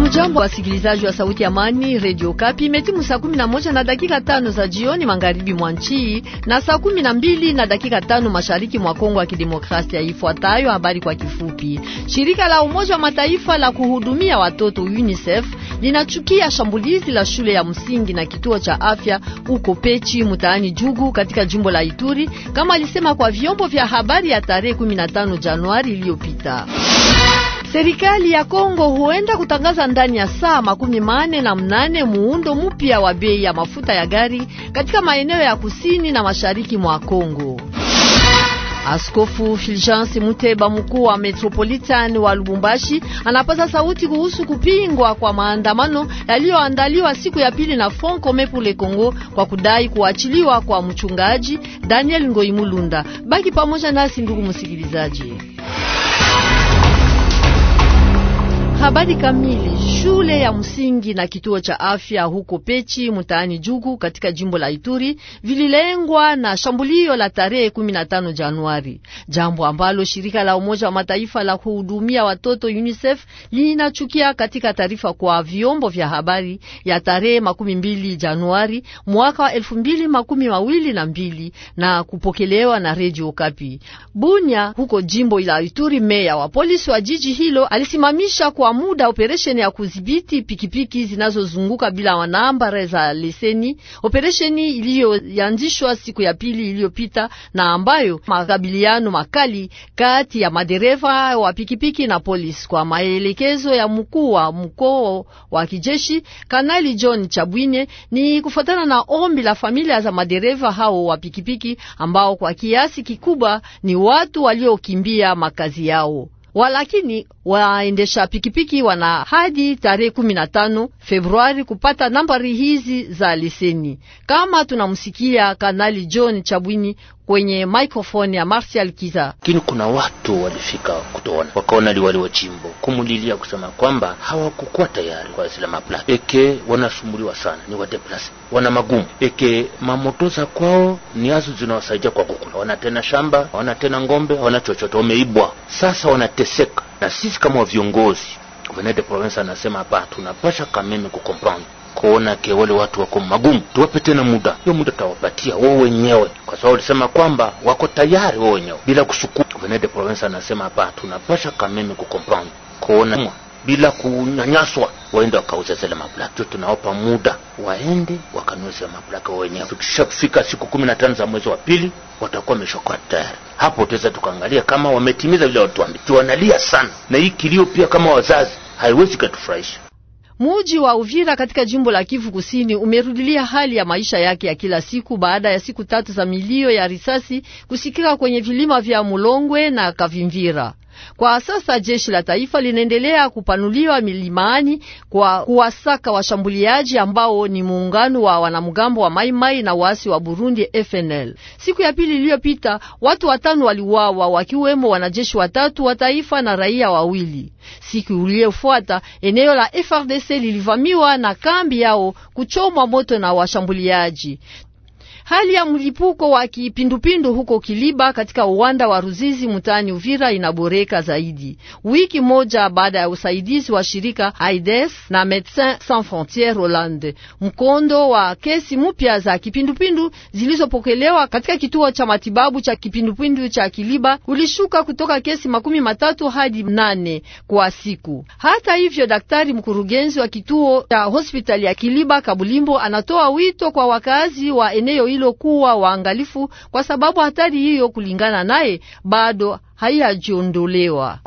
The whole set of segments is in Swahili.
wa wasikilizaji wa sauti ya amani redio Kapi. Imetimu saa kumi na moja na dakika tano za jioni magharibi mwa nchi na saa kumi na mbili na dakika tano mashariki mwa Kongo ya Kidemokrasia. Ifuatayo habari kwa kifupi. Shirika la Umoja wa Mataifa la kuhudumia watoto UNICEF linachukia shambulizi la shule ya msingi na kituo cha afya huko Pechi mtaani Jugu katika jimbo la Ituri, kama alisema kwa vyombo vya habari ya tarehe 15 Januari iliyopita. Serikali ya Kongo huenda kutangaza ndani ya saa makumi mane na mnane muundo mpya wa bei ya mafuta ya gari katika maeneo ya kusini na mashariki mwa Kongo. Askofu Fulgence Muteba mkuu wa Metropolitan wa Lubumbashi anapaza sauti kuhusu kupingwa kwa maandamano yaliyoandaliwa siku ya pili na Front Commun pour le Congo kwa kudai kuachiliwa kwa mchungaji Daniel Ngoimulunda. Baki pamoja nasi ndugu msikilizaji. Habari kamili. Shule ya msingi na kituo cha afya huko Pechi mtaani Jugu katika jimbo la Ituri vililengwa na shambulio la tarehe 15 Januari, jambo ambalo shirika la Umoja wa Mataifa la kuhudumia watoto UNICEF linachukia katika taarifa kwa vyombo vya habari ya tarehe 12 Januari mwaka wa elfu mbili makumi mawili na mbili na kupokelewa na Radio Kapi Bunya huko jimbo la Ituri. Meya wa polisi wa jiji hilo alisimamisha kwa muda operesheni ya kudhibiti pikipiki zinazozunguka bila wanamba za leseni, operesheni iliyoanzishwa siku ya pili iliyopita na ambayo makabiliano makali kati ya madereva wa pikipiki na polisi kwa maelekezo ya mkuu wa mkoa wa kijeshi Kanali John Chabwine ni kufuatana na ombi la familia za madereva hao wa pikipiki ambao kwa kiasi kikubwa ni watu waliokimbia makazi yao walakini waendesha pikipiki wana hadi tarehe 15 Februari kupata nambari hizi za leseni, kama tunamsikia Kanali John Chabwini kwenye mikrofoni ya Marcial Kiza. Lakini kuna watu walifika kutuona, wakaona liwali wa jimbo kumulilia kusema kwamba hawakukuwa tayari kwa Islama Plus eke wanasumbuliwa sana, ni wadeplase wana magumu eke mamoto za kwao ni azu zinawasaidia kwa kukula, wana tena shamba wana tena ngombe wana chochote, wameibwa sasa, wanateseka na sisi kama viongozi de province anasema hapa tunapasha kameme kukomprendre kuona ke wale watu wako magumu, tuwape tena muda. Hiyo muda tawapatia wao wenyewe, kwa sababu walisema kwamba wako tayari wao wenyewe bila kusukuma. Venede Provensa anasema hapa, tunapasha Kameme kukompound kuona bila kunyanyaswa, waende wakauze zile maplaka. tu, tunaopa muda waende wakanunue zile maplaka wenyewe. Tukishafika siku kumi na tano za mwezi wa pili watakuwa wameshakuwa tayari. Hapo tuweza tukaangalia kama wametimiza vile watuambia. Tuwanalia sana, na hii kilio pia kama wazazi haiwezi katufurahisha. Muji wa Uvira katika jimbo la Kivu Kusini umerudilia hali ya maisha yake ya kila siku baada ya siku tatu za milio ya risasi kusikika kwenye vilima vya Mulongwe na Kavimvira. Kwa sasa jeshi la taifa linaendelea kupanuliwa milimani kwa kuwasaka washambuliaji ambao ni muungano wa wanamgambo wa Maimai na waasi wa Burundi FNL. Siku ya pili iliyopita watu watano waliuawa wakiwemo wanajeshi watatu wa taifa na raia wawili. Siku iliyofuata eneo la FRDC lilivamiwa na kambi yao kuchomwa moto na washambuliaji. Hali ya mlipuko wa kipindupindu huko Kiliba katika uwanda wa Ruzizi mtaani Uvira inaboreka zaidi, wiki moja baada ya usaidizi wa shirika aides na Medecins Sans Frontieres Hollande. Mkondo wa kesi mpya za kipindupindu zilizopokelewa katika kituo cha matibabu cha kipindupindu cha Kiliba ulishuka kutoka kesi makumi matatu hadi nane kwa siku. Hata hivyo, daktari mkurugenzi wa kituo cha hospitali ya Kiliba Kabulimbo anatoa wito kwa wakazi wa eneo hilo hilo waangalifu, kwa sababu hatari hiyo, kulingana naye, bado haiyajiondolewa.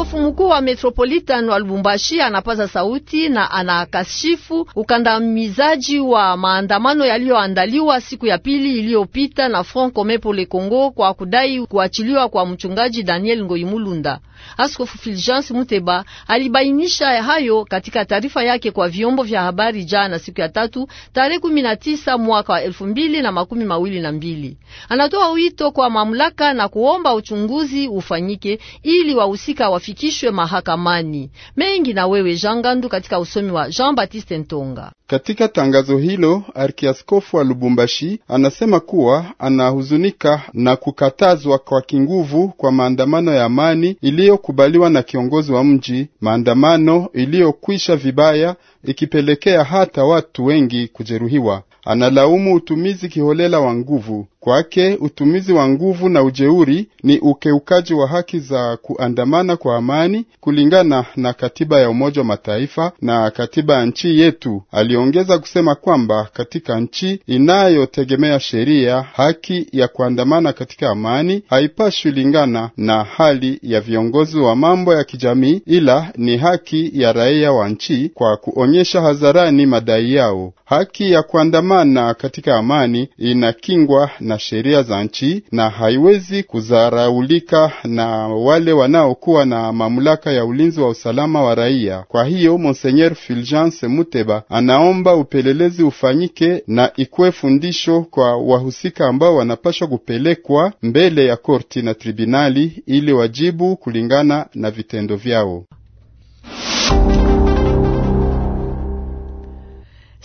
Askofu mkuu wa Metropolitan wa Lubumbashi anapaza sauti na anakashifu ukandamizaji wa maandamano yaliyoandaliwa siku ya pili iliyopita na Front Commun pour le Congo kwa kudai kuachiliwa kwa mchungaji Daniel Ngoimulunda. Askofu Fulgence Muteba alibainisha hayo katika taarifa yake kwa vyombo vya habari jana siku ya tatu tarehe 19 mwaka wa mbili. Anatoa wito kwa mamlaka na kuomba uchunguzi ufanyike ili wahusika wa afikishwe mahakamani. Mengi na wewe Jangandu katika usomi wa Jean Baptiste Ntonga. Katika tangazo hilo, arkiaskofu wa Lubumbashi anasema kuwa anahuzunika na kukatazwa kwa kinguvu kwa maandamano ya amani iliyokubaliwa na kiongozi wa mji, maandamano iliyokwisha vibaya ikipelekea hata watu wengi kujeruhiwa. Analaumu utumizi kiholela wa nguvu. Kwake utumizi wa nguvu na ujeuri ni ukeukaji wa haki za kuandamana kwa amani kulingana na katiba ya Umoja wa Mataifa na katiba ya nchi yetu alio Aliongeza kusema kwamba katika nchi inayotegemea sheria, haki ya kuandamana katika amani haipashwi lingana na hali ya viongozi wa mambo ya kijamii, ila ni haki ya raia wa nchi kwa kuonyesha hadharani madai yao. Haki ya kuandamana katika amani inakingwa na sheria za nchi na haiwezi kudharaulika na wale wanaokuwa na mamlaka ya ulinzi wa usalama wa raia. Kwa hiyo Monseigneur Fulgence Muteba anao tunaomba upelelezi ufanyike na ikuwe fundisho kwa wahusika ambao wanapashwa kupelekwa mbele ya korti na tribunali ili wajibu kulingana na vitendo vyao.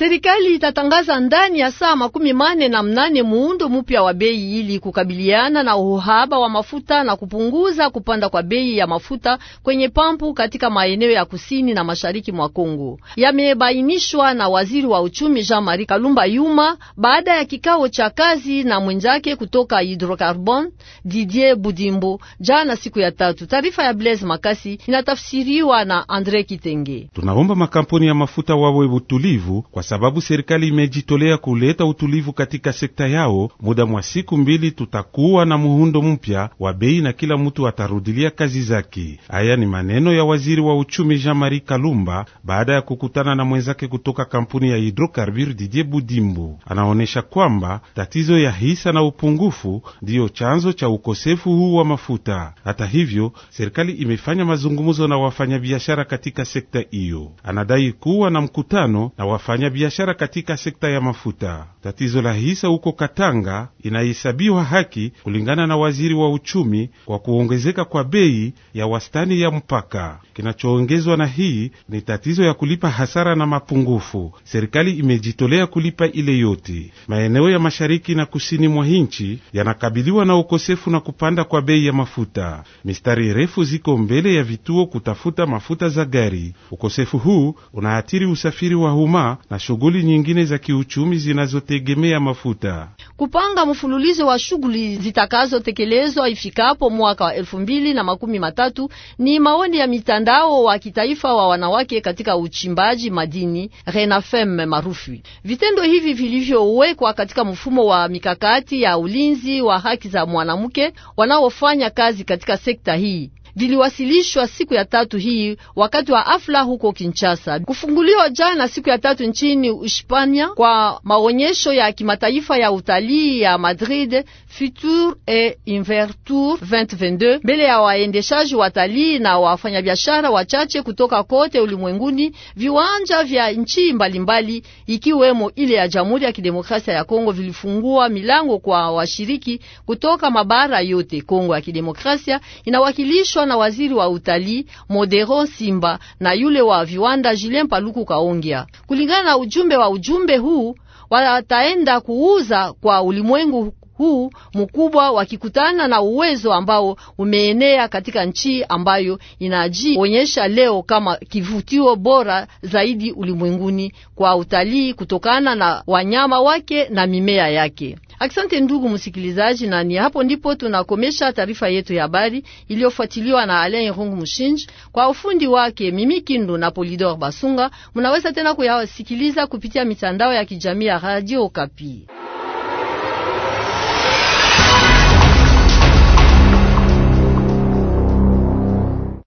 Serikali itatangaza ndani ya saa makumi mane na mnane muundo mpya wa bei ili kukabiliana na uhaba wa mafuta na kupunguza kupanda kwa bei ya mafuta kwenye pampu katika maeneo ya kusini na mashariki mwa Kongo. Yamebainishwa na waziri wa uchumi Jean-Marie Kalumba Yuma baada ya kikao cha kazi na mwenzake kutoka Hydrocarbon Didier Budimbo jana siku ya tatu. Taarifa ya Blaise Makasi inatafsiriwa na Andre Kitenge. Tunaomba makampuni ya mafuta wawe utulivu kwa sababu serikali imejitolea kuleta utulivu katika sekta yao. Muda mwa siku mbili tutakuwa na muhundo mpya wa bei na kila mtu atarudilia kazi zake. Haya ni maneno ya waziri wa uchumi Jean-Marie Kalumba baada ya kukutana na mwenzake kutoka kampuni ya hidrokarbure Didier Budimbu. Anaonyesha kwamba tatizo ya hisa na upungufu ndiyo chanzo cha ukosefu huu wa mafuta. Hata hivyo, serikali imefanya mazungumzo na wafanyabiashara katika sekta hiyo. Anadai kuwa na mkutano na wafanya biashara katika sekta ya mafuta. Tatizo la hisa huko Katanga inahesabiwa haki kulingana na waziri wa uchumi kwa kuongezeka kwa bei ya wastani ya mpaka. Kinachoongezwa na hii ni tatizo ya kulipa hasara na mapungufu. Serikali imejitolea kulipa ile yote. Maeneo ya mashariki na kusini mwa nchi yanakabiliwa na ukosefu na kupanda kwa bei ya mafuta. Mistari refu ziko mbele ya vituo kutafuta mafuta za gari. Ukosefu huu unaathiri usafiri wa umma na shughuli nyingine za kiuchumi zinazotegemea mafuta, kupanga mfululizo wa shughuli zitakazotekelezwa ifikapo mwaka wa elfu mbili na makumi matatu. Ni maoni ya mitandao wa kitaifa wa wanawake katika uchimbaji madini Renafem marufi Vitendo hivi vilivyowekwa katika mfumo wa mikakati ya ulinzi wa haki za mwanamke wanaofanya kazi katika sekta hii viliwasilishwa siku ya tatu hii wakati wa afla huko Kinshasa, kufunguliwa jana siku ya tatu nchini Uhispania kwa maonyesho ya kimataifa ya utalii ya Madrid Futur et Invertur 2022 mbele ya waendeshaji watalii na wafanyabiashara wachache kutoka kote ulimwenguni. Viwanja vya nchi mbalimbali ikiwemo ile ya Jamhuri ya Kidemokrasia ya Kongo vilifungua milango kwa washiriki kutoka mabara yote. Kongo ya Kidemokrasia inawakilishwa yaliyoendeshwa na waziri wa utalii Modero Simba na yule wa viwanda Julien Paluku Kaongea. Kulingana na ujumbe wa ujumbe huu, wataenda kuuza kwa ulimwengu huu mkubwa wakikutana na uwezo ambao umeenea katika nchi ambayo inajionyesha leo kama kivutio bora zaidi ulimwenguni kwa utalii kutokana na wanyama wake na mimea yake. Asante ndugu msikilizaji, na ni hapo ndipo tunakomesha taarifa yetu ya habari iliyofuatiliwa na Alain rung Mushinji kwa ufundi wake, Mimi Kindu na Polidor Basunga. Munaweza tena kuyasikiliza kupitia mitandao ya kijamii ya Radio Kapi.